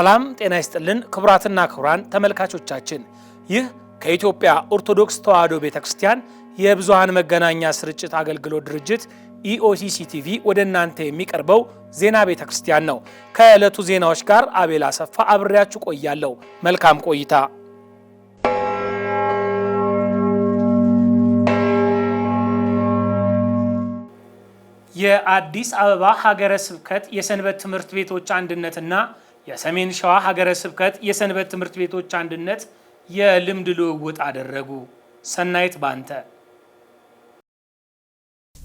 ሰላም ጤና ይስጥልን ክቡራትና ክቡራን ተመልካቾቻችን፣ ይህ ከኢትዮጵያ ኦርቶዶክስ ተዋሕዶ ቤተ ክርስቲያን የብዙሃን መገናኛ ስርጭት አገልግሎት ድርጅት ኢኦሲሲ ቲቪ ወደ እናንተ የሚቀርበው ዜና ቤተ ክርስቲያን ነው። ከዕለቱ ዜናዎች ጋር አቤል አሰፋ አብሬያችሁ ቆያለሁ። መልካም ቆይታ። የአዲስ አበባ ሀገረ ስብከት የሰንበት ትምህርት ቤቶች አንድነትና የሰሜን ሸዋ ሀገረ ስብከት የሰንበት ትምህርት ቤቶች አንድነት የልምድ ልውውጥ አደረጉ። ሰናይት ባንተ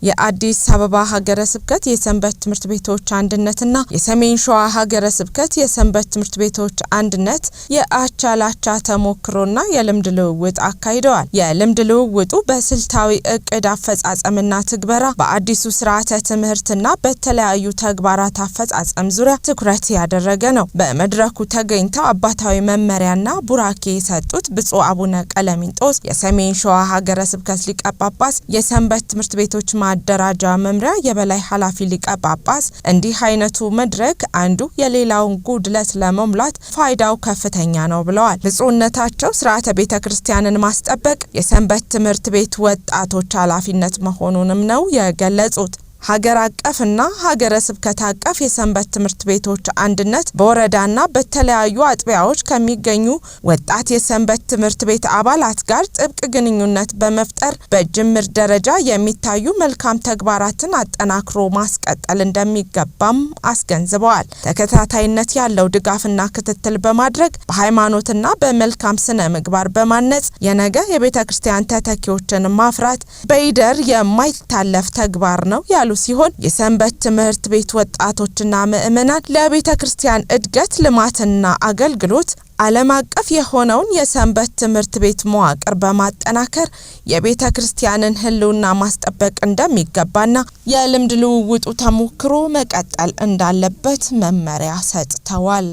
የአዲስ አበባ ሀገረ ስብከት የሰንበት ትምህርት ቤቶች አንድነትና የሰሜን ሸዋ ሀገረ ስብከት የሰንበት ትምህርት ቤቶች አንድነት የአቻ ላቻ ተሞክሮና የልምድ ልውውጥ አካሂደዋል። የልምድ ልውውጡ በስልታዊ እቅድ አፈጻጸምና ትግበራ፣ በአዲሱ ስርዓተ ትምህርትና በተለያዩ ተግባራት አፈጻጸም ዙሪያ ትኩረት ያደረገ ነው። በመድረኩ ተገኝተው አባታዊ መመሪያና ቡራኬ የሰጡት ብፁዕ አቡነ ቀለሚንጦስ የሰሜን ሸዋ ሀገረ ስብከት ሊቀ ጳጳስ የሰንበት ትምህርት ቤቶች ማ ማደራጃ መምሪያ የበላይ ኃላፊ ሊቀ ጳጳስ እንዲህ አይነቱ መድረክ አንዱ የሌላውን ጉድለት ለመሙላት ፋይዳው ከፍተኛ ነው ብለዋል። ብፁዕነታቸው ስርዓተ ቤተ ክርስቲያንን ማስጠበቅ የሰንበት ትምህርት ቤት ወጣቶች ኃላፊነት መሆኑንም ነው የገለጹት። ሀገር አቀፍና ሀገረ ስብከት አቀፍ የሰንበት ትምህርት ቤቶች አንድነት በወረዳና በተለያዩ አጥቢያዎች ከሚገኙ ወጣት የሰንበት ትምህርት ቤት አባላት ጋር ጥብቅ ግንኙነት በመፍጠር በጅምር ደረጃ የሚታዩ መልካም ተግባራትን አጠናክሮ ማስቀጠል እንደሚገባም አስገንዝበዋል። ተከታታይነት ያለው ድጋፍና ክትትል በማድረግ በሃይማኖትና በመልካም ስነ ምግባር በማነጽ የነገ የቤተ ክርስቲያን ተተኪዎችን ማፍራት በይደር የማይታለፍ ተግባር ነው ያሉት ሲሆን የሰንበት ትምህርት ቤት ወጣቶችና ምዕመናን ለቤተ ክርስቲያን እድገት ልማትና አገልግሎት ዓለም አቀፍ የሆነውን የሰንበት ትምህርት ቤት መዋቅር በማጠናከር የቤተ ክርስቲያንን ሕልውና ማስጠበቅ እንደሚገባና የልምድ ልውውጡ ተሞክሮ መቀጠል እንዳለበት መመሪያ ሰጥተዋል።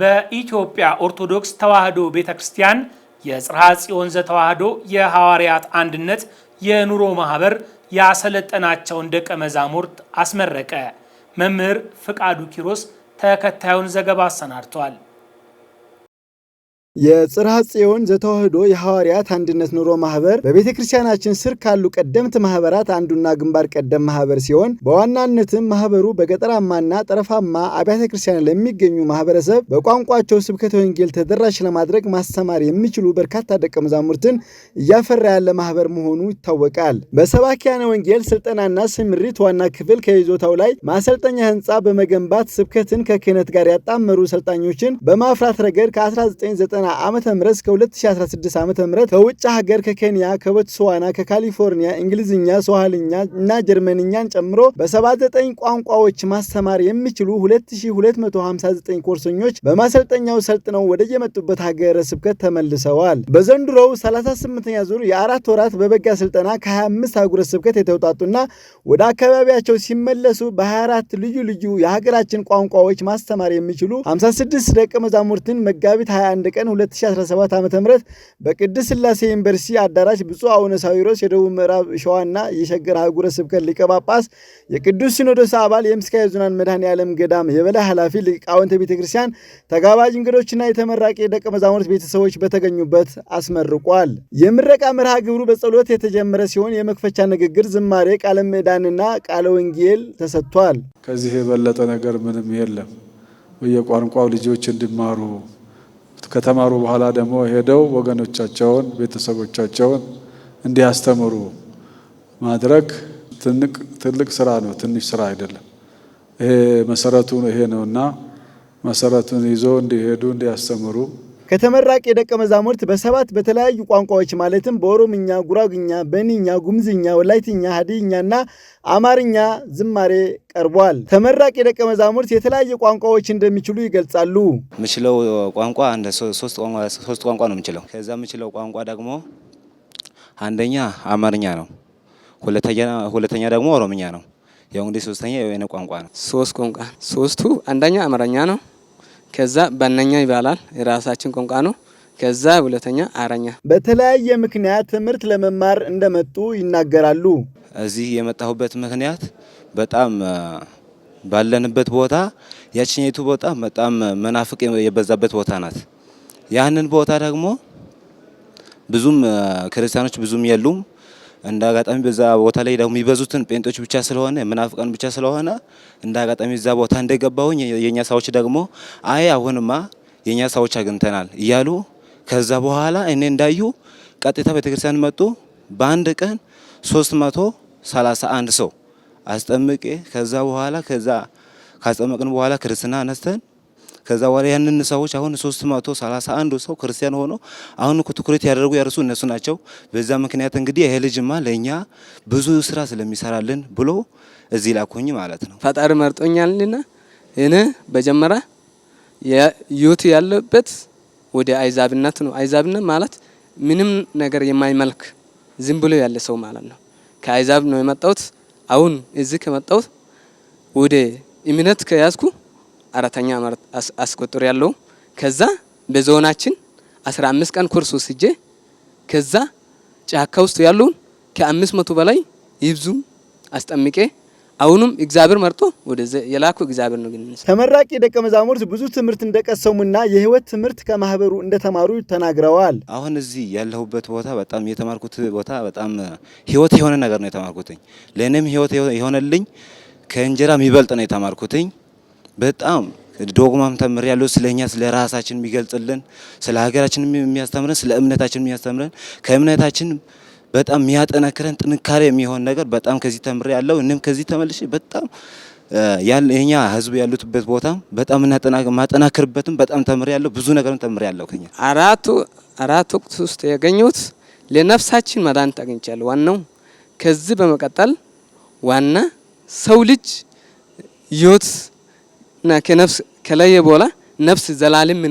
በኢትዮጵያ ኦርቶዶክስ ተዋሕዶ ቤተ ክርስቲያን የጽርሐ ጽዮን ዘተዋሕዶ የሐዋርያት አንድነት የኑሮ ማህበር ያሰለጠናቸውን ደቀ መዛሙርት አስመረቀ። መምህር ፍቃዱ ኪሮስ ተከታዩን ዘገባ አሰናድተዋል። የጽርሐ ጽዮን ዘተዋሕዶ የሐዋርያት አንድነት ኑሮ ማህበር በቤተ ክርስቲያናችን ስር ካሉ ቀደምት ማህበራት አንዱና ግንባር ቀደም ማህበር ሲሆን በዋናነትም ማህበሩ በገጠራማና ጠረፋማ አብያተ ክርስቲያን ለሚገኙ ማህበረሰብ በቋንቋቸው ስብከተ ወንጌል ተደራሽ ለማድረግ ማስተማር የሚችሉ በርካታ ደቀ መዛሙርትን እያፈራ ያለ ማህበር መሆኑ ይታወቃል። በሰባኪያነ ወንጌል ስልጠናና ስምሪት ዋና ክፍል ከይዞታው ላይ ማሰልጠኛ ህንፃ በመገንባት ስብከትን ከክህነት ጋር ያጣመሩ ሰልጣኞችን በማፍራት ረገድ ከ1990 ከ ዓ ም እስከ 2016 ዓ ም ከውጭ ሀገር ከኬንያ፣ ከቦትስዋና፣ ከካሊፎርኒያ እንግሊዝኛ፣ ሶሃልኛ እና ጀርመንኛን ጨምሮ በ79 ቋንቋዎች ማስተማር የሚችሉ 2259 ኮርሰኞች በማሰልጠኛው ሰልጥነው ወደ የመጡበት ሀገረ ስብከት ተመልሰዋል። በዘንድሮው 38ኛ ዙር የአራት ወራት በበጋ ስልጠና ከ25 አህጉረ ስብከት የተውጣጡና ወደ አካባቢያቸው ሲመለሱ በ24 ልዩ ልዩ የሀገራችን ቋንቋዎች ማስተማር የሚችሉ 56 ደቀ መዛሙርትን መጋቢት 21 ቀን 2017 ዓ ም በቅድስት ሥላሴ ዩኒቨርሲቲ አዳራሽ ብፁዕ አቡነ ሳዊሮስ የደቡብ ምዕራብ ሸዋና የሸገር አህጉረ ስብከት ሊቀ ጳጳስ፣ የቅዱስ ሲኖዶስ አባል፣ የምስካየ ኅዙናን መድኃኔ ዓለም ገዳም የበላይ ኃላፊ፣ ሊቃውንተ ቤተ ክርስቲያን፣ ተጋባዥ እንግዶችና የተመራቂ ደቀ መዛሙርት ቤተሰቦች በተገኙበት አስመርቋል። የምረቃ መርሃ ግብሩ በጸሎት የተጀመረ ሲሆን የመክፈቻ ንግግር፣ ዝማሬ፣ ቃለ ምዕዳንና ቃለ ወንጌል ተሰጥቷል። ከዚህ የበለጠ ነገር ምንም የለም። በየቋንቋው ልጆች እንዲማሩ ከተማሩ በኋላ ደግሞ ሄደው ወገኖቻቸውን፣ ቤተሰቦቻቸውን እንዲያስተምሩ ማድረግ ትልቅ ስራ ነው፣ ትንሽ ስራ አይደለም። ይሄ መሰረቱ ይሄ ነውና መሰረቱን ይዞ እንዲሄዱ እንዲያስተምሩ ከተመራቂ የደቀ መዛሙርት በሰባት በተለያዩ ቋንቋዎች ማለትም በኦሮምኛ፣ ጉራግኛ፣ በኒኛ፣ ጉምዝኛ፣ ወላይትኛ፣ ሀዲኛና አማርኛ ዝማሬ ቀርቧል። ተመራቂ የደቀ መዛሙርት የተለያየ ቋንቋዎች እንደሚችሉ ይገልጻሉ። ምችለው ቋንቋ ሶስት ቋንቋ ነው ምችለው። ከዛ ምችለው ቋንቋ ደግሞ አንደኛ አማርኛ ነው፣ ሁለተኛ ደግሞ ኦሮምኛ ነው። ያው እንግዲህ ሶስተኛ የሆነ ቋንቋ ነው። ሶስት ቋንቋ ሶስቱ አንደኛ አማርኛ ነው ከዛ ባነኛ ይባላል የራሳችን ቋንቋ ነው። ከዛ ሁለተኛ አረኛ። በተለያየ ምክንያት ትምህርት ለመማር እንደመጡ ይናገራሉ። እዚህ የመጣሁበት ምክንያት በጣም ባለንበት ቦታ ያችኛይቱ ቦታ በጣም መናፍቅ የበዛበት ቦታ ናት። ያንን ቦታ ደግሞ ብዙም ክርስቲያኖች ብዙም የሉም እንደ አጋጣሚ በዛ ቦታ ላይ ደግሞ የሚበዙትን ጴንጦች ብቻ ስለሆነ ምናፍቃን ብቻ ስለሆነ እንደ አጋጣሚ እዛ ቦታ እንደገባሁኝ የእኛ ሰዎች ደግሞ አይ አሁንማ የእኛ ሰዎች አግኝተናል እያሉ ከዛ በኋላ እኔ እንዳዩ ቀጥታ ቤተክርስቲያን መጡ። በአንድ ቀን 331 ሰው አስጠምቄ ከዛ በኋላ ከዛ ካስጠመቅን በኋላ ክርስትና አነስተን ከዛ በኋላ ያንን ሰዎች አሁን 331 ሰው ክርስቲያን ሆኖ አሁን እኮ ትኩረት ያደረጉ ያርሱ እነሱ ናቸው። በዛ ምክንያት እንግዲህ ይሄ ልጅማ ለኛ ብዙ ስራ ስለሚሰራልን ብሎ እዚህ ላኩኝ ማለት ነው። ፈጣሪ መርጦኛልና እኔ በጀመራ የዩት ያለበት ወደ አይዛብነት ነው። አይዛብነት ማለት ምንም ነገር የማይመልክ ዝም ብሎ ያለ ሰው ማለት ነው። ከአይዛብ ነው የመጣሁት። አሁን እዚህ ከመጣሁት ወደ እምነት ከያዝኩ አራተኛ አስቆጥሮ ያለው ከዛ በዞናችን 15 ቀን ኮርስ ወስጄ ከዛ ጫካ ውስጥ ያሉን ከ500 በላይ ይብዙ አስጠምቄ አሁንም እግዚአብሔር መርጦ ወደዚ የላኩ እግዚአብሔር ነው። ግን ተመራቂ ደቀ መዛሙርት ብዙ ትምህርት እንደቀሰሙና የህይወት ትምህርት ከማህበሩ እንደተማሩ ተናግረዋል። አሁን እዚህ ያለሁበት ቦታ በጣም የተማርኩት ቦታ በጣም ህይወት የሆነ ነገር ነው የተማርኩትኝ። ለእኔም ህይወት የሆነልኝ ከእንጀራ የሚበልጥ ነው የተማርኩትኝ። በጣም ዶግማም ተምር ያለው ስለ እኛ ስለ ራሳችን የሚገልጽልን ስለ ሀገራችን የሚያስተምረን ስለ እምነታችን የሚያስተምረን ከእምነታችን በጣም የሚያጠነክረን ጥንካሬ የሚሆን ነገር በጣም ከዚህ ተምር ያለው እንም ከዚህ ተመልሼ በጣም የኛ ህዝብ ያሉትበት ቦታ በጣም ማጠናክርበትም በጣም ተምር ያለው ብዙ ነገርም ተምር ያለው ከኛ አራቱ አራት ወቅት ውስጥ ያገኙት ለነፍሳችን መድኃኒት አግኝቻለሁ። ዋናው ከዚህ በመቀጠል ዋና ሰው ልጅ ህይወት እና ከነፍስ ከለየ በኋላ ነፍስ ዘላለም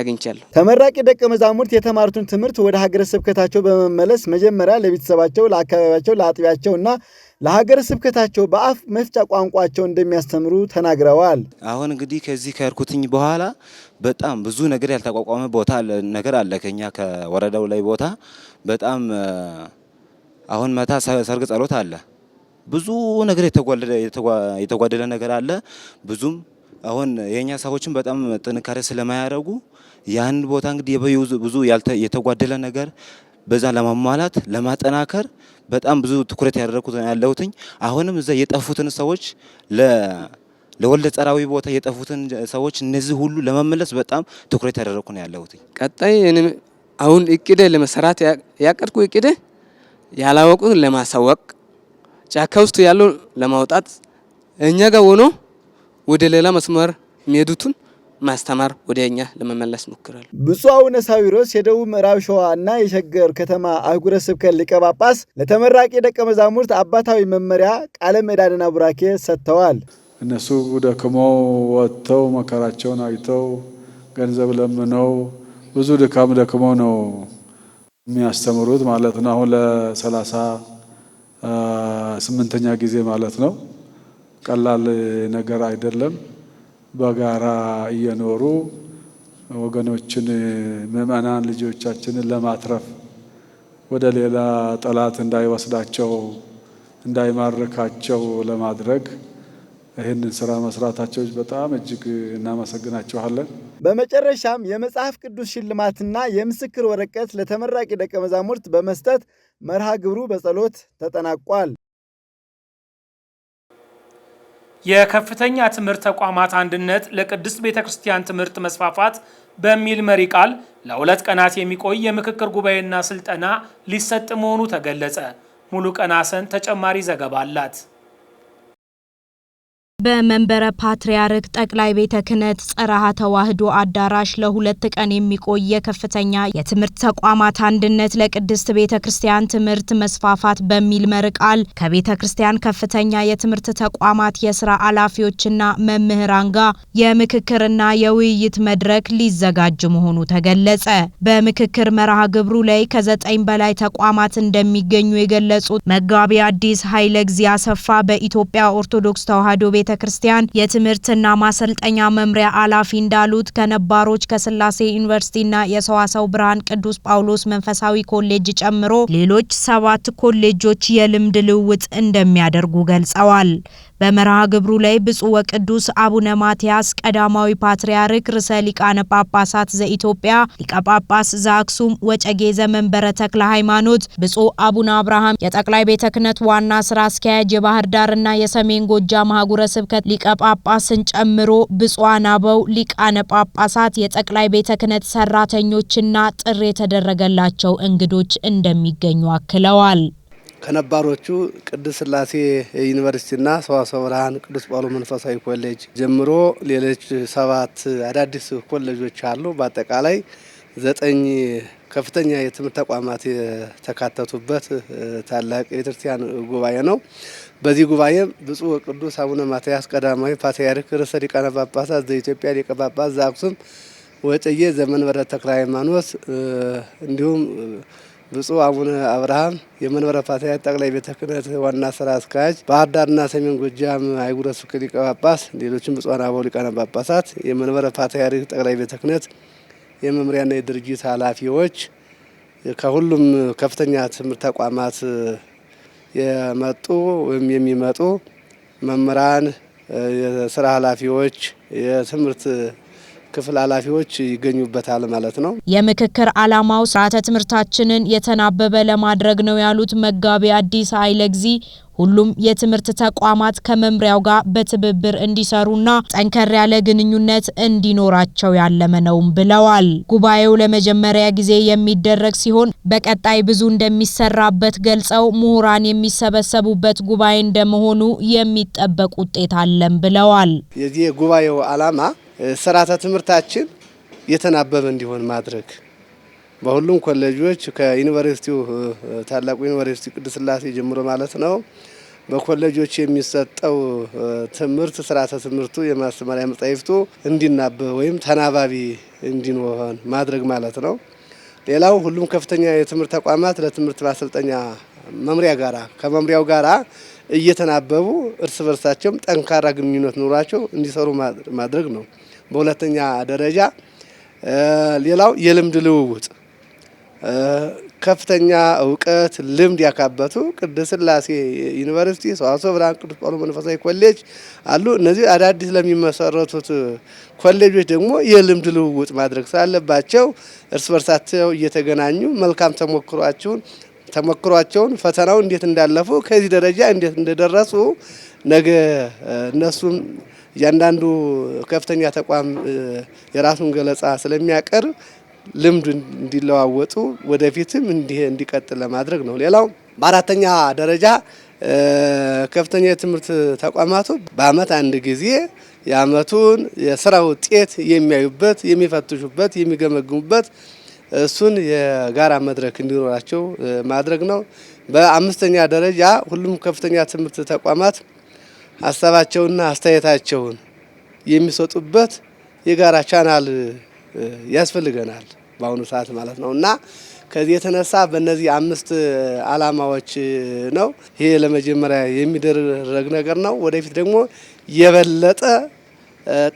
አግኝቻለሁ። ተመራቂ ደቀ መዛሙርት የተማሩትን ትምህርት ወደ ሀገረ ስብከታቸው በመመለስ መጀመሪያ ለቤተሰባቸው፣ ለአካባቢያቸው፣ ለአጥቢያቸው እና ለሀገረ ስብከታቸው በአፍ መፍጫ ቋንቋቸው እንደሚያስተምሩ ተናግረዋል። አሁን እንግዲህ ከዚህ ከእርኩትኝ በኋላ በጣም ብዙ ነገር ያልተቋቋመ ቦታ ነገር አለ ከኛ ከወረዳው ላይ ቦታ በጣም አሁን መታ ሰርግ ጸሎት አለ ብዙ ነገር የተጓደለ ነገር አለ። ብዙም አሁን የኛ ሰዎችን በጣም ጥንካሬ ስለማያደርጉ ያን ቦታ እንግዲህ ብዙ የተጓደለ ነገር በዛ ለማሟላት ለማጠናከር በጣም ብዙ ትኩረት ያደረኩት ያለሁትኝ አሁንም እዛ የጠፉትን ሰዎች ለወልደ ጸራዊ ቦታ የጠፉትን ሰዎች እነዚህ ሁሉ ለመመለስ በጣም ትኩረት ያደረኩ ነው ያለሁትኝ። ቀጣይ አሁን እቅደ ለመሰራት ያቀድኩ እቅደ ያላወቁ ለማሳወቅ ጫካ ውስጥ ያለው ለማውጣት እኛ ጋር ሆኖ ወደ ሌላ መስመር የሚሄዱትን ማስተማር ወደ እኛ ለመመለስ ሞክራል። ብፁዕ አቡነ ሳዊሮስ የደቡብ ምዕራብ ሸዋ እና የሸገር ከተማ አህጉረ ስብከት ሊቀ ጳጳስ ለተመራቂ ደቀ መዛሙርት አባታዊ መመሪያ ቃለ ምዕዳንና ቡራኬ ሰጥተዋል። እነሱ ደክመው ወጥተው መከራቸውን አይተው ገንዘብ ለምነው ብዙ ድካም ደክመው ነው የሚያስተምሩት ማለት ነው። አሁን ለሰላሳ ስምንተኛ ጊዜ ማለት ነው። ቀላል ነገር አይደለም። በጋራ እየኖሩ ወገኖችን፣ ምዕመናን ልጆቻችንን ለማትረፍ ወደ ሌላ ጠላት እንዳይወስዳቸው እንዳይማርካቸው ለማድረግ ይህንን ስራ መስራታቸው በጣም እጅግ እናመሰግናችኋለን። በመጨረሻም የመጽሐፍ ቅዱስ ሽልማትና የምስክር ወረቀት ለተመራቂ ደቀ መዛሙርት በመስጠት መርሃ ግብሩ በጸሎት ተጠናቋል። የከፍተኛ ትምህርት ተቋማት አንድነት ለቅድስት ቤተ ክርስቲያን ትምህርት መስፋፋት በሚል መሪ ቃል ለሁለት ቀናት የሚቆይ የምክክር ጉባኤና ስልጠና ሊሰጥ መሆኑ ተገለጸ። ሙሉ ቀናሰን ተጨማሪ ዘገባ አላት። በመንበረ ፓትርያርክ ጠቅላይ ቤተ ክህነት ጸረሃ ተዋሕዶ አዳራሽ ለሁለት ቀን የሚቆይ የከፍተኛ የትምህርት ተቋማት አንድነት ለቅድስት ቤተ ክርስቲያን ትምህርት መስፋፋት በሚል መሪ ቃል ከቤተ ክርስቲያን ከፍተኛ የትምህርት ተቋማት የስራ ኃላፊዎችና መምህራን ጋር የምክክርና የውይይት መድረክ ሊዘጋጅ መሆኑ ተገለጸ። በምክክር መርሃ ግብሩ ላይ ከዘጠኝ በላይ ተቋማት እንደሚገኙ የገለጹት መጋቢ አዲስ ኃይለ ግዚያ ሰፋ በኢትዮጵያ ኦርቶዶክስ ተዋሕዶ ቤተ ቤተ ክርስቲያን የትምህርትና ማሰልጠኛ መምሪያ ኃላፊ እንዳሉት ከነባሮች ከስላሴ ዩኒቨርሲቲና የሰዋሰው ብርሃን ቅዱስ ጳውሎስ መንፈሳዊ ኮሌጅ ጨምሮ ሌሎች ሰባት ኮሌጆች የልምድ ልውውጥ እንደሚያደርጉ ገልጸዋል። በመርሃ ግብሩ ላይ ብፁዕ ወቅዱስ አቡነ ማትያስ ቀዳማዊ ፓትርያርክ ርዕሰ ሊቃነ ጳጳሳት ዘኢትዮጵያ ሊቀ ጳጳስ ዘአክሱም ወጨጌ ዘመንበረ ተክለ ሃይማኖት፣ ብፁዕ አቡነ አብርሃም የጠቅላይ ቤተ ክህነት ዋና ስራ አስኪያጅ የባህር ዳርና የሰሜን ጎጃም ሀገረ ስብከት ሊቀ ጳጳስን ጨምሮ ብፁዓን አበው ሊቃነ ጳጳሳት፣ የጠቅላይ ቤተ ክህነት ሰራተኞችና ጥሪ የተደረገላቸው እንግዶች እንደሚገኙ አክለዋል። ከነባሮቹ ቅድስት ስላሴ ዩኒቨርሲቲና ሰዋስወ ብርሃን ቅዱስ ጳውሎስ መንፈሳዊ ኮሌጅ ጀምሮ ሌሎች ሰባት አዳዲስ ኮሌጆች አሉ። በአጠቃላይ ዘጠኝ ከፍተኛ የትምህርት ተቋማት የተካተቱበት ታላቅ የቤተክርስቲያን ጉባኤ ነው። በዚህ ጉባኤም ብፁዕ ቅዱስ አቡነ ማትያስ ቀዳማዊ ፓትርያርክ ርዕሰ ሊቃነ ጳጳሳት ዘኢትዮጵያ ሊቀ ጳጳስ ዘአክሱም ወዕጨጌ ዘመንበረ ተክለ ሃይማኖት እንዲሁም ብፁዕ አቡነ አብርሃም የመንበረ ፓትርያርክ ጠቅላይ ቤተ ክህነት ዋና ስራ አስኪያጅ ባህር ዳርና ሰሜን ጎጃም አህጉረ ስብከት ሊቀ ጳጳስ፣ ሌሎችም ብፁዓን አበው ሊቃነ ጳጳሳት፣ የመንበረ ፓትርያርክ ጠቅላይ ቤተ ክህነት የመምሪያና የድርጅት ኃላፊዎች፣ ከሁሉም ከፍተኛ ትምህርት ተቋማት የመጡ ወይም የሚመጡ መምህራን፣ የስራ ኃላፊዎች፣ የትምህርት ክፍል ኃላፊዎች ይገኙበታል ማለት ነው። የምክክር ዓላማው ስርዓተ ትምህርታችንን የተናበበ ለማድረግ ነው ያሉት መጋቢ አዲስ ኃይለ ሁሉም የትምህርት ተቋማት ከመምሪያው ጋር በትብብር እንዲሰሩና ጠንከር ያለ ግንኙነት እንዲኖራቸው ያለመ ነውም ብለዋል። ጉባኤው ለመጀመሪያ ጊዜ የሚደረግ ሲሆን በቀጣይ ብዙ እንደሚሰራበት ገልጸው ምሁራን የሚሰበሰቡበት ጉባኤ እንደመሆኑ የሚጠበቅ ውጤት አለን ብለዋል። የዚህ የጉባኤው ዓላማ ስርዓተ ትምህርታችን የተናበበ እንዲሆን ማድረግ በሁሉም ኮሌጆች ከዩኒቨርሲቲው ታላቁ ዩኒቨርሲቲ ቅድስት ስላሴ ጀምሮ ማለት ነው። በኮሌጆች የሚሰጠው ትምህርት ስርዓተ ትምህርቱ የማስተማሪያ መጻሕፍቱ እንዲናበብ ወይም ተናባቢ እንዲሆን ማድረግ ማለት ነው። ሌላው ሁሉም ከፍተኛ የትምህርት ተቋማት ለትምህርት ማሰልጠኛ መምሪያ ጋራ ከመምሪያው ጋራ እየተናበቡ እርስ በርሳቸውም ጠንካራ ግንኙነት ኑሯቸው እንዲሰሩ ማድረግ ነው። በሁለተኛ ደረጃ ሌላው የልምድ ልውውጥ ከፍተኛ እውቀት ልምድ ያካበቱ ቅድስት ስላሴ ዩኒቨርሲቲ፣ ሰዋስወ ብርሃን ቅዱስ ጳውሎስ መንፈሳዊ ኮሌጅ አሉ። እነዚህ አዳዲስ ለሚመሰረቱት ኮሌጆች ደግሞ የልምድ ልውውጥ ማድረግ ስላለባቸው እርስ በርሳቸው እየተገናኙ መልካም ተሞክሯቸውን ተሞክሯቸውን ፈተናው እንዴት እንዳለፉ ከዚህ ደረጃ እንዴት እንደደረሱ ነገ እነሱም እያንዳንዱ ከፍተኛ ተቋም የራሱን ገለጻ ስለሚያቀርብ ልምድ እንዲለዋወጡ ወደፊትም እንዲህ እንዲቀጥል ለማድረግ ነው። ሌላው በአራተኛ ደረጃ ከፍተኛ የትምህርት ተቋማቱ በአመት አንድ ጊዜ የአመቱን የስራ ውጤት የሚያዩበት፣ የሚፈትሹበት፣ የሚገመግሙበት እሱን የጋራ መድረክ እንዲኖራቸው ማድረግ ነው። በአምስተኛ ደረጃ ሁሉም ከፍተኛ ትምህርት ተቋማት ሀሳባቸውና አስተያየታቸውን የሚሰጡበት የጋራ ቻናል ያስፈልገናል በአሁኑ ሰዓት ማለት ነው እና ከዚህ የተነሳ በእነዚህ አምስት አላማዎች ነው። ይሄ ለመጀመሪያ የሚደረግ ነገር ነው። ወደፊት ደግሞ የበለጠ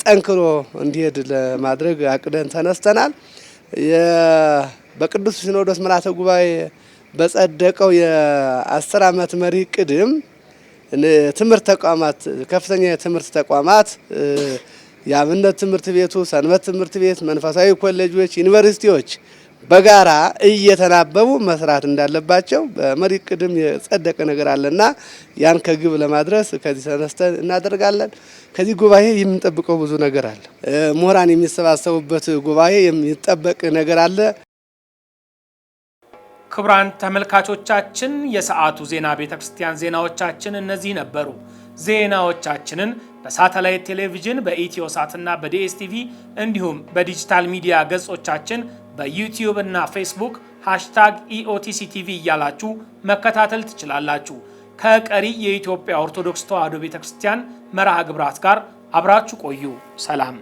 ጠንክሮ እንዲሄድ ለማድረግ አቅደን ተነስተናል። በቅዱስ ሲኖዶስ ምልዓተ ጉባኤ በጸደቀው የአስር ዓመት መሪ ቅድም ትምህርት ተቋማት ከፍተኛ የትምህርት ተቋማት የአብነት ትምህርት ቤቱ፣ ሰንበት ትምህርት ቤት፣ መንፈሳዊ ኮሌጆች፣ ዩኒቨርሲቲዎች በጋራ እየተናበቡ መስራት እንዳለባቸው በመሪ ቅድም የጸደቀ ነገር አለና ያን ከግብ ለማድረስ ከዚህ ተነስተን እናደርጋለን። ከዚህ ጉባኤ የምንጠብቀው ብዙ ነገር አለ። ምሁራን የሚሰባሰቡበት ጉባኤ የሚጠበቅ ነገር አለ። ክቡራን ተመልካቾቻችን የሰዓቱ ዜና ቤተ ክርስቲያን ዜናዎቻችን እነዚህ ነበሩ። ዜናዎቻችንን በሳተላይት ቴሌቪዥን ሳትና በዲኤስቲቪ እንዲሁም በዲጂታል ሚዲያ ገጾቻችን በዩቲዩብ እና ፌስቡክ ሃሽታግ ኢኦቲሲ ቲቪ እያላችሁ መከታተል ትችላላችሁ። ከቀሪ የኢትዮጵያ ኦርቶዶክስ ተዋሕዶ ቤተክርስቲያን መርሃ ግብራት ጋር አብራችሁ ቆዩ። ሰላም